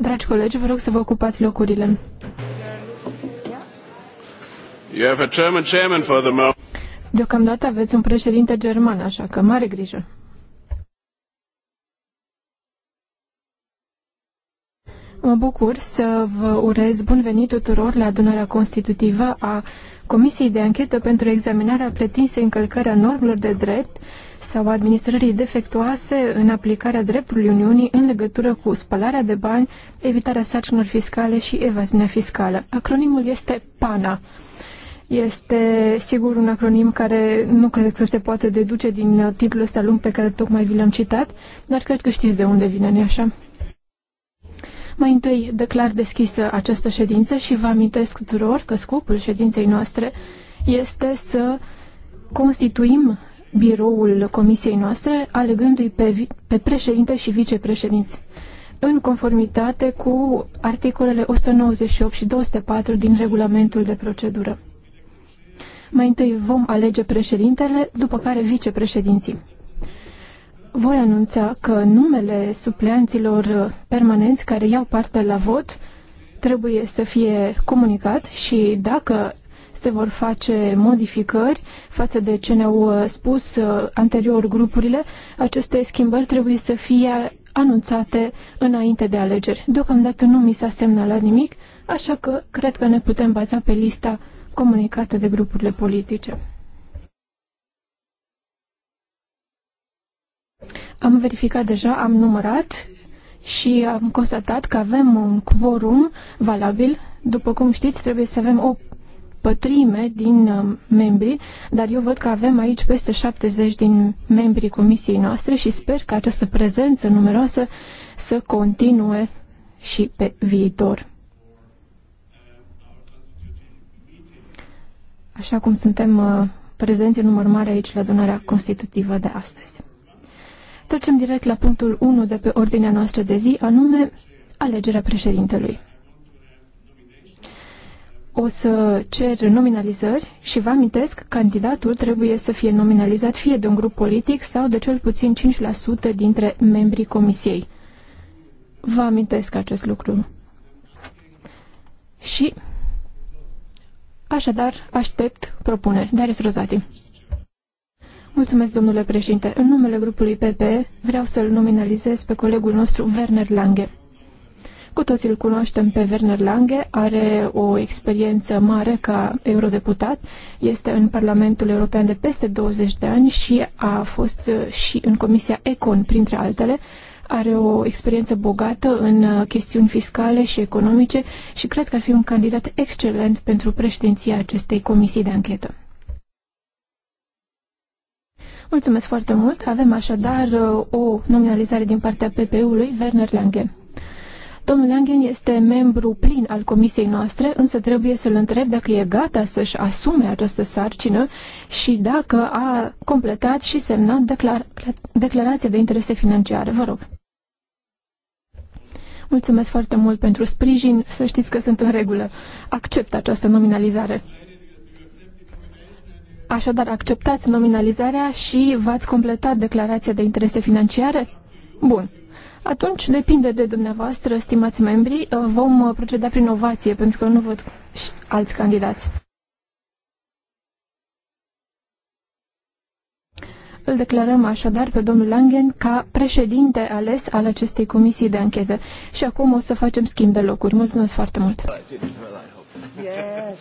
Dragi colegi, vă rog să vă ocupați locurile. You have a German chairman for the moment. Deocamdată aveți un președinte german, așa că mare grijă. Mă bucur să vă urez bun venit tuturor la adunarea constitutivă a Comisiei de Anchetă pentru examinarea pretinsei încălcări a normelor de drept sau administrării defectuoase în aplicarea dreptului Uniunii în legătură cu spălarea de bani, evitarea sarcinilor fiscale și evaziunea fiscală. Acronimul este PANA. Este sigur un acronim care nu cred că se poate deduce din titlul ăsta lung pe care tocmai vi l-am citat, dar cred că știți de unde vine, nu așa? Mai întâi declar deschisă această ședință și vă amintesc tuturor că scopul ședinței noastre este să constituim biroul comisiei noastre, alegându-i pe, pe președinte și vicepreședinți, în conformitate cu articolele 198 și 204 din regulamentul de procedură. Mai întâi vom alege președintele, după care vicepreședinții voi anunța că numele supleanților permanenți care iau parte la vot trebuie să fie comunicat și dacă se vor face modificări față de ce ne-au uh, spus uh, anterior grupurile, aceste schimbări trebuie să fie anunțate înainte de alegeri. Deocamdată nu mi s-a semnalat nimic, așa că cred că ne putem baza pe lista comunicată de grupurile politice. Am verificat deja, am numărat și am constatat că avem un quorum valabil. După cum știți, trebuie să avem o pătrime din uh, membri, dar eu văd că avem aici peste 70 din membrii comisiei noastre și sper că această prezență numeroasă să continue și pe viitor. Așa cum suntem uh, prezenți în număr mare aici la adunarea constitutivă de astăzi. Trecem direct la punctul 1 de pe ordinea noastră de zi, anume alegerea președintelui. O să cer nominalizări și vă amintesc, candidatul trebuie să fie nominalizat fie de un grup politic sau de cel puțin 5% dintre membrii comisiei. Vă amintesc acest lucru. Și, așadar, aștept propuneri. Darius Rozati. Mulțumesc, domnule președinte. În numele grupului PP vreau să-l nominalizez pe colegul nostru Werner Lange. Cu toții îl cunoaștem pe Werner Lange, are o experiență mare ca eurodeputat, este în Parlamentul European de peste 20 de ani și a fost uh, și în Comisia Econ, printre altele. Are o experiență bogată în uh, chestiuni fiscale și economice și cred că ar fi un candidat excelent pentru președinția acestei comisii de anchetă. Mulțumesc foarte mult. Avem așadar uh, o nominalizare din partea PPU-ului, Werner Langen. Domnul Langen este membru plin al comisiei noastre, însă trebuie să-l întreb dacă e gata să-și asume această sarcină și dacă a completat și semnat declara declarația de interese financiare. Vă rog. Mulțumesc foarte mult pentru sprijin. Să știți că sunt în regulă. Accept această nominalizare. Așadar, acceptați nominalizarea și v-ați completat declarația de interese financiare? Bun. Atunci depinde de dumneavoastră, stimați membri, vom proceda prin ovație, pentru că nu văd alți candidați. Îl declarăm așadar pe domnul Langen ca președinte ales al acestei comisii de anchetă. Și acum o să facem schimb de locuri. Mulțumesc foarte mult! Yes.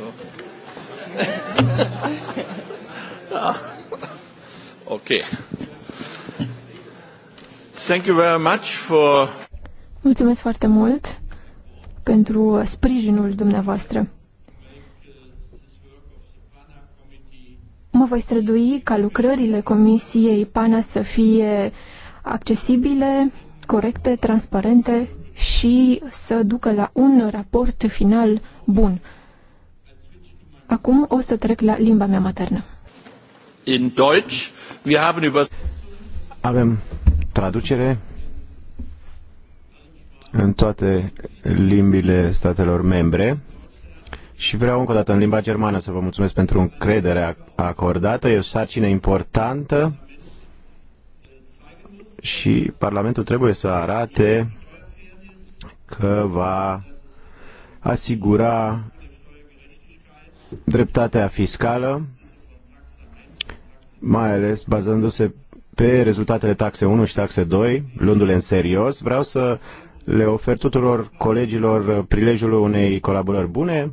so. okay. Thank you very much for... Mulțumesc foarte mult pentru sprijinul dumneavoastră. Mă voi strădui ca lucrările Comisiei PANA să fie accesibile, corecte, transparente și să ducă la un raport final bun. Acum o să trec la limba mea maternă. In Deutsch, wir haben über... Avem traducere în toate limbile statelor membre și vreau încă o dată în limba germană să vă mulțumesc pentru încrederea acordată. E o sarcină importantă și Parlamentul trebuie să arate că va asigura dreptatea fiscală, mai ales bazându-se pe rezultatele taxe 1 și taxe 2, luându-le în serios. Vreau să le ofer tuturor colegilor prilejul unei colaborări bune,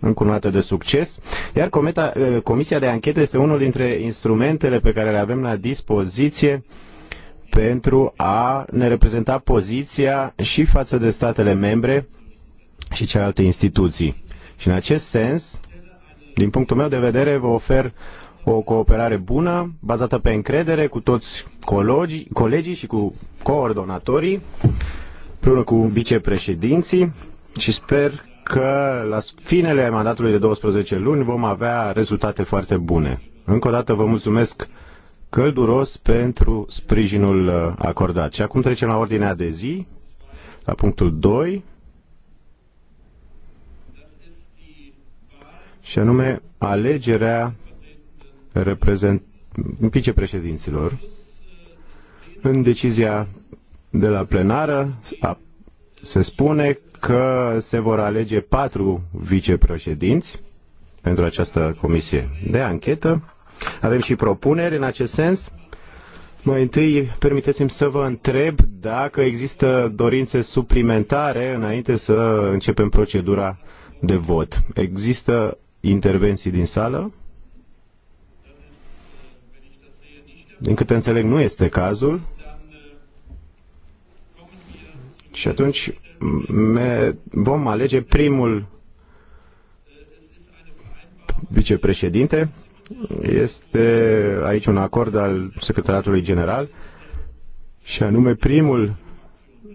încununată de succes, iar cometa, Comisia de Anchetă este unul dintre instrumentele pe care le avem la dispoziție pentru a ne reprezenta poziția și față de statele membre și celelalte instituții. Și în acest sens, din punctul meu de vedere, vă ofer o cooperare bună, bazată pe încredere cu toți colegi, colegii și cu coordonatorii, împreună cu vicepreședinții și sper că la finele mandatului de 12 luni vom avea rezultate foarte bune. Încă o dată vă mulțumesc călduros pentru sprijinul uh, acordat. Și acum trecem la ordinea de zi, la punctul 2, și anume alegerea reprezent... vicepreședinților în decizia de la plenară a, se spune că se vor alege patru vicepreședinți pentru această comisie de anchetă. Avem și propuneri în acest sens. Mai întâi, permiteți-mi să vă întreb dacă există dorințe suplimentare înainte să începem procedura de vot. Există intervenții din sală? Din câte înțeleg, nu este cazul. Și atunci vom alege primul vicepreședinte. Este aici un acord al Secretariatului General și anume primul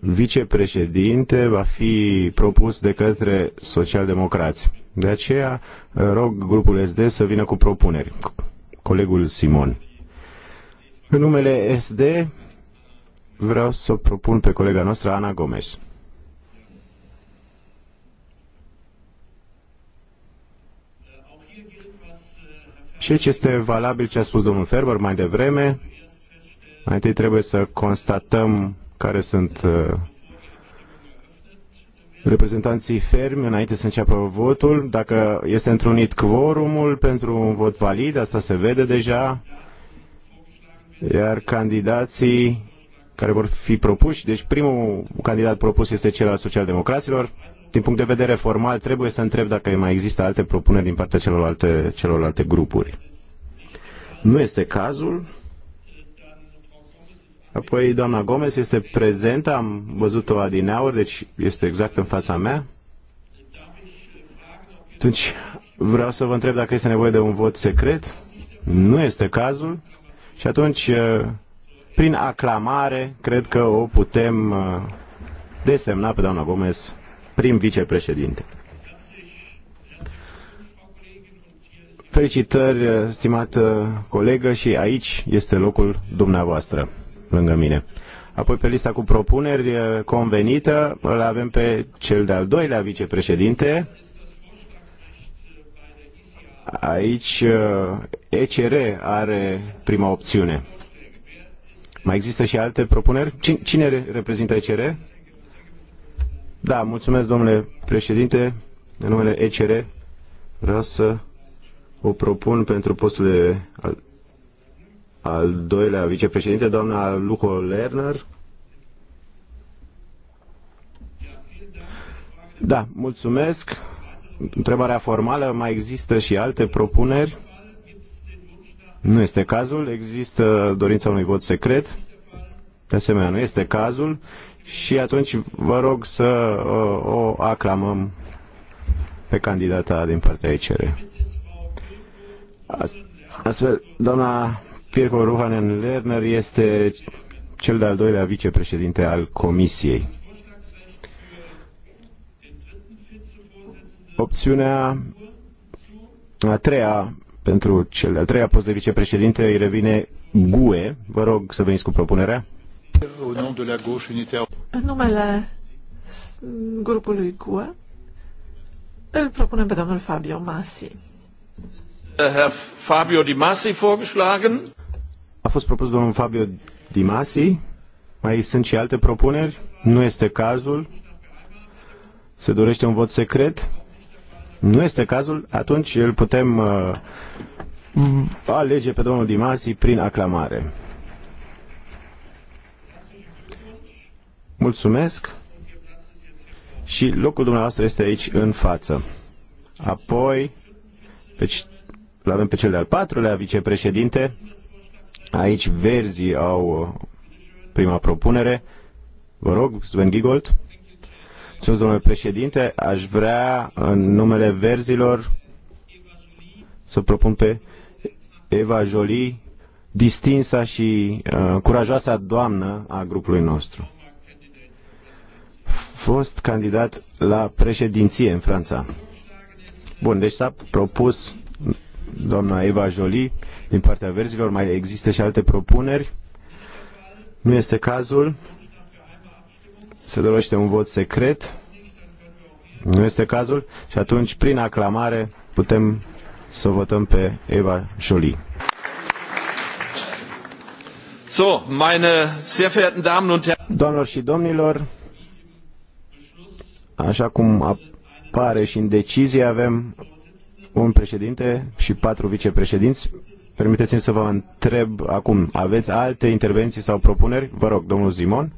vicepreședinte va fi propus de către socialdemocrați. De aceea uh, rog grupul SD să vină cu propuneri. Colegul Simon. În numele SD vreau să propun pe colega noastră Ana Gomes. Și ce este valabil ce a spus domnul Ferber mai devreme, mai întâi trebuie să constatăm care sunt uh, reprezentanții fermi înainte să înceapă votul. Dacă este întrunit quorumul pentru un vot valid, asta se vede deja, iar candidații care vor fi propuși, deci primul candidat propus este cel al socialdemocraților. Din punct de vedere formal, trebuie să întreb dacă mai există alte propuneri din partea celorlalte, celorlalte grupuri. Nu este cazul. Apoi doamna Gomez este prezentă, am văzut-o adineauri, deci este exact în fața mea. Atunci vreau să vă întreb dacă este nevoie de un vot secret. Nu este cazul. Și atunci, uh, prin aclamare, cred că o putem uh, desemna pe doamna Gomez prim vicepreședinte. Felicitări, uh, stimată colegă, și aici este locul dumneavoastră lângă mine. Apoi pe lista cu propuneri eh, convenită îl avem pe cel de-al doilea vicepreședinte. Aici ECR eh, are prima opțiune. Mai există și alte propuneri? Cine reprezintă ECR? Da, mulțumesc, domnule președinte. În numele ECR vreau să o propun pentru postul de al doilea vicepreședinte, doamna Luco Lerner. Da, mulțumesc. Întrebarea formală, mai există și alte propuneri? Nu este cazul, există dorința unui vot secret. De asemenea, nu este cazul și atunci vă rog să o aclamăm pe candidata din partea ICR. Astfel, doamna Pierco Ruhanen Lerner este cel de-al doilea vicepreședinte al Comisiei. Opțiunea a treia pentru cel de-al treia post de vicepreședinte îi revine GUE. Vă rog să veniți cu propunerea. În numele grupului GUE îl propunem pe domnul Fabio Masi. Herr Fabio Di Masi vorgeschlagen. A fost propus domnul Fabio Dimasi. Mai sunt și alte propuneri? Nu este cazul. Se dorește un vot secret? Nu este cazul. Atunci îl putem uh, alege pe domnul Dimasi prin aclamare. Mulțumesc. Și locul dumneavoastră este aici în față. Apoi, pe, l avem pe cel de-al patrulea vicepreședinte, Aici verzii au uh, prima propunere. Vă rog, Sven Gigold. Mulțumesc, domnule președinte. Aș vrea, în numele verzilor, să propun pe Eva Jolie, distinsa și uh, curajoasa doamnă a grupului nostru. Fost candidat la președinție în Franța. Bun, deci s-a propus doamna Eva Jolie din partea verzilor. Mai există și alte propuneri? Nu este cazul. Se dorește un vot secret. Nu este cazul. Și atunci, prin aclamare, putem să votăm pe Eva Jolie. So, meine sehr verehrten Damen und Herren. Doamnelor și domnilor, așa cum apare și în decizie, avem un președinte și patru vicepreședinți. Permiteți-mi să vă întreb acum, aveți alte intervenții sau propuneri? Vă rog, domnul Zimon.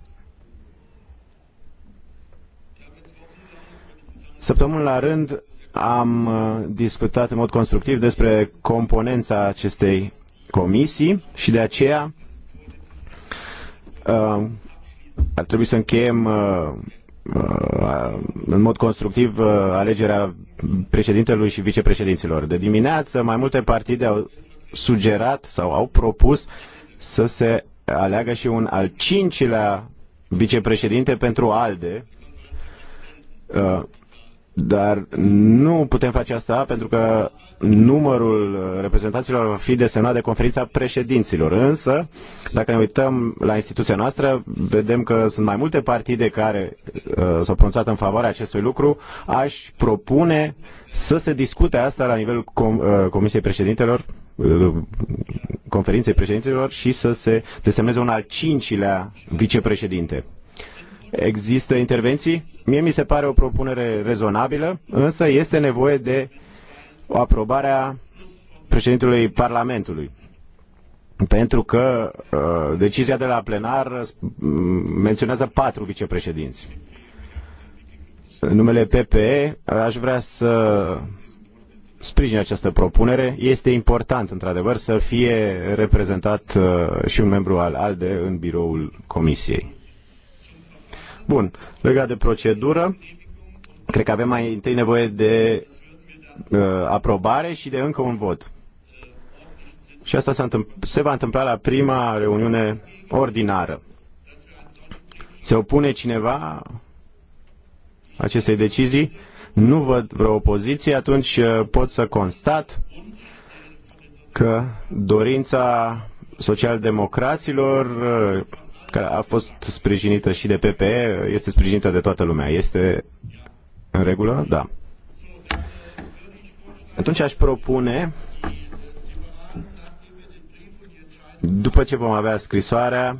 Săptămâni la rând am uh, discutat în mod constructiv despre componența acestei comisii și de aceea uh, ar trebui să încheiem uh, în mod constructiv uh, alegerea președintelui și vicepreședinților. De dimineață mai multe partide au sugerat sau au propus să se aleagă și un al cincilea vicepreședinte pentru ALDE, uh, dar nu putem face asta pentru că numărul uh, reprezentanților va fi desemnat de conferința președinților. Însă, dacă ne uităm la instituția noastră, vedem că sunt mai multe partide care uh, s-au pronunțat în favoarea acestui lucru. Aș propune să se discute asta la nivelul com uh, Comisiei Președintelor, uh, conferinței președintelor și să se desemneze un al cincilea vicepreședinte. Există intervenții? Mie mi se pare o propunere rezonabilă, însă este nevoie de o aprobare a președintelui Parlamentului. Pentru că uh, decizia de la plenar uh, menționează patru vicepreședinți. În numele PPE aș vrea să sprijin această propunere. Este important, într-adevăr, să fie reprezentat uh, și un membru al ALDE în biroul Comisiei. Bun. Legat de procedură, cred că avem mai întâi nevoie de Uh, aprobare și de încă un vot. Și asta se va întâmpla la prima reuniune ordinară. Se opune cineva acestei decizii? Nu văd vreo opoziție, atunci uh, pot să constat că dorința socialdemocraților, uh, care a fost sprijinită și de PPE, este sprijinită de toată lumea. Este în regulă? Da. Atunci aș propune, după ce vom avea scrisoarea,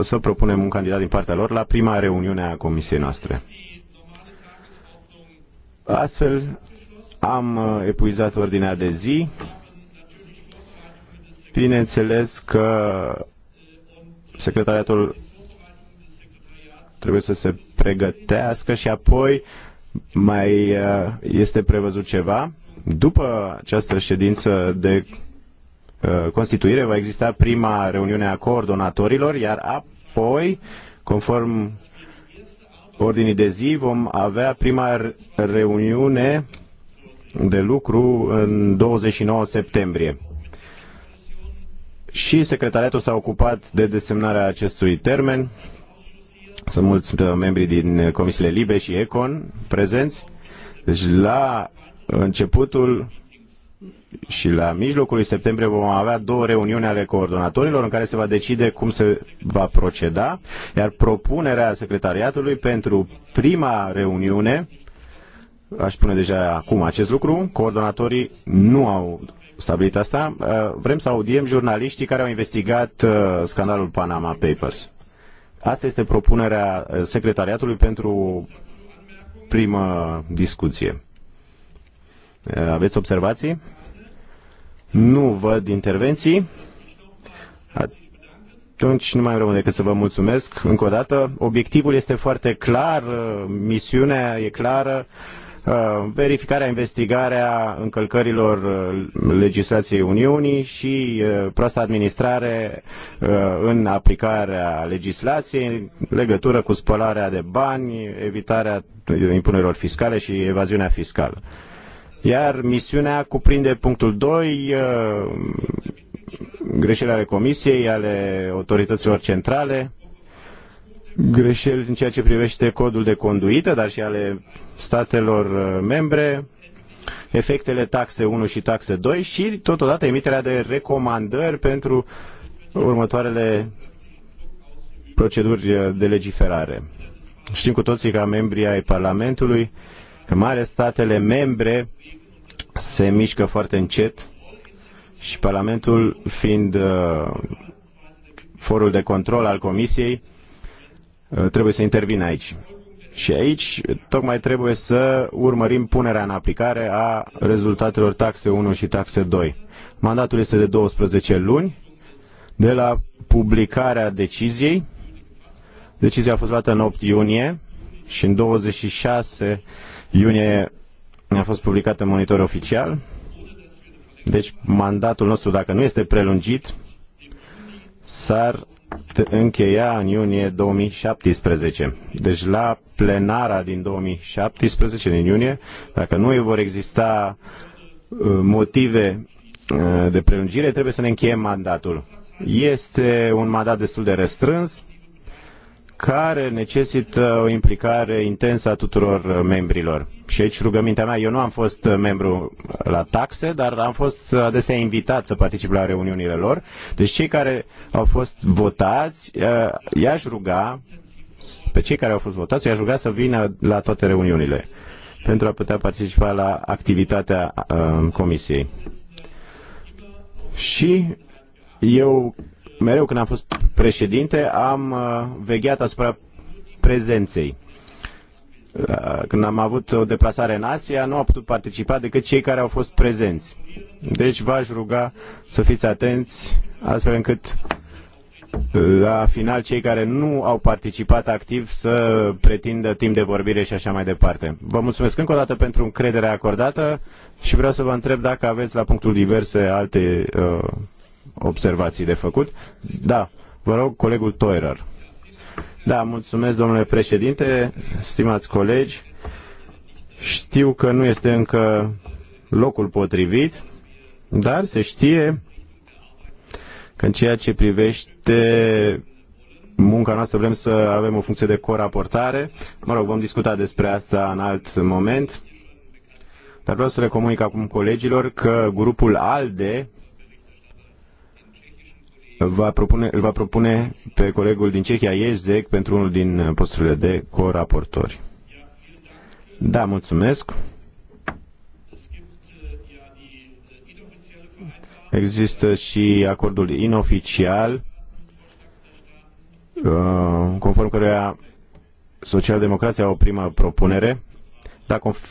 să propunem un candidat din partea lor la prima reuniune a comisiei noastre. Astfel, am uh, epuizat ordinea de zi. Bineînțeles că secretariatul trebuie să se pregătească și apoi mai uh, este prevăzut ceva. După această ședință de uh, constituire va exista prima reuniune a coordonatorilor, iar apoi, conform ordinii de zi, vom avea prima reuniune de lucru în 29 septembrie. Și secretariatul s-a ocupat de desemnarea acestui termen. Sunt mulți uh, membri din uh, comisiile LIBE și ECON prezenți. Deci la începutul și la mijlocul septembrie vom avea două reuniuni ale coordonatorilor în care se va decide cum se va proceda, iar propunerea secretariatului pentru prima reuniune, aș spune deja acum acest lucru, coordonatorii nu au stabilit asta, uh, vrem să audiem jurnaliștii care au investigat scandalul Panama Papers. Asta este propunerea eh, secretariatului pentru prima discuție. Eh, aveți observații? Nu văd intervenții. Atunci nu mai rămâne decât să vă mulțumesc încă o dată. Obiectivul este foarte clar, eh, misiunea e clară. Uh, verificarea, investigarea încălcărilor uh, legislației Uniunii și uh, proasta administrare în aplicarea legislației în legătură cu spălarea de bani, evitarea impunerilor fiscale și evaziunea fiscală. Iar misiunea cuprinde punctul 2, greșelile ale Comisiei, ale autorităților centrale, greșeli în ceea ce privește codul de conduită, dar și ale statelor uh, membre, efectele taxe 1 și taxe 2 și totodată emiterea de recomandări pentru următoarele proceduri uh, de legiferare. Știm cu toții ca membrii ai Parlamentului că mare statele membre se mișcă foarte încet și Parlamentul fiind uh, forul de control al Comisiei, Uh, trebuie să intervină aici. Și aici tocmai trebuie să urmărim punerea în aplicare a rezultatelor taxe 1 și taxe 2. Mandatul este de 12 luni de la publicarea deciziei. Decizia a fost luată în 8 iunie și în 26 iunie a fost publicată în monitor oficial. Deci mandatul nostru, dacă nu este prelungit, s-ar încheia în iunie 2017. Deci la plenara din 2017, din iunie, dacă nu vor exista uh, motive uh, de prelungire, trebuie să ne încheiem mandatul. Este un mandat destul de restrâns, care necesită o implicare intensă a tuturor membrilor. Și aici rugămintea mea, eu nu am fost membru la taxe, dar am fost adesea invitat să particip la reuniunile lor. Deci cei care au fost votați, eh, i-aș ruga, pe cei care au fost votați, i-aș ruga să vină la toate reuniunile pentru a putea participa la activitatea eh, comisiei. Și eu mereu când am fost președinte, am uh, vegheat asupra prezenței. Uh, când am avut o deplasare în Asia, nu au putut participa decât cei care au fost prezenți. Deci v-aș ruga să fiți atenți astfel încât uh, la final cei care nu au participat activ să pretindă timp de vorbire și așa mai departe. Vă mulțumesc încă o dată pentru încrederea acordată și vreau să vă întreb dacă aveți la punctul diverse alte uh, observații de făcut. Da, vă rog, colegul Toirer. Da, mulțumesc, domnule președinte, stimați colegi. Știu că nu este încă locul potrivit, dar se știe că în ceea ce privește munca noastră vrem să avem o funcție de coraportare. Mă rog, vom discuta despre asta în alt moment. Dar vreau să le comunic acum colegilor că grupul ALDE va propune, îl va propune pe colegul din Cehia, Iezec, pentru unul din posturile de coraportori. Da, mulțumesc. Există și acordul inoficial, uh, conform căruia socialdemocrația o primă propunere, dar conform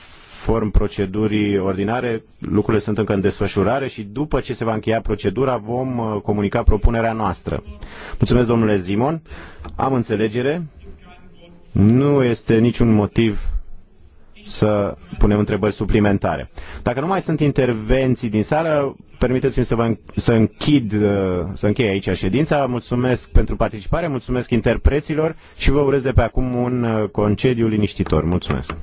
conform procedurii ordinare, lucrurile sunt încă în desfășurare și după ce se va încheia procedura vom uh, comunica propunerea noastră. Mulțumesc, domnule Zimon. Am înțelegere. Nu este niciun motiv să punem întrebări suplimentare. Dacă nu mai sunt intervenții din sală, permiteți-mi să, vă, să închid, uh, să închei aici ședința. Mulțumesc pentru participare, mulțumesc interpreților și vă urez de pe acum un uh, concediu liniștitor. Mulțumesc!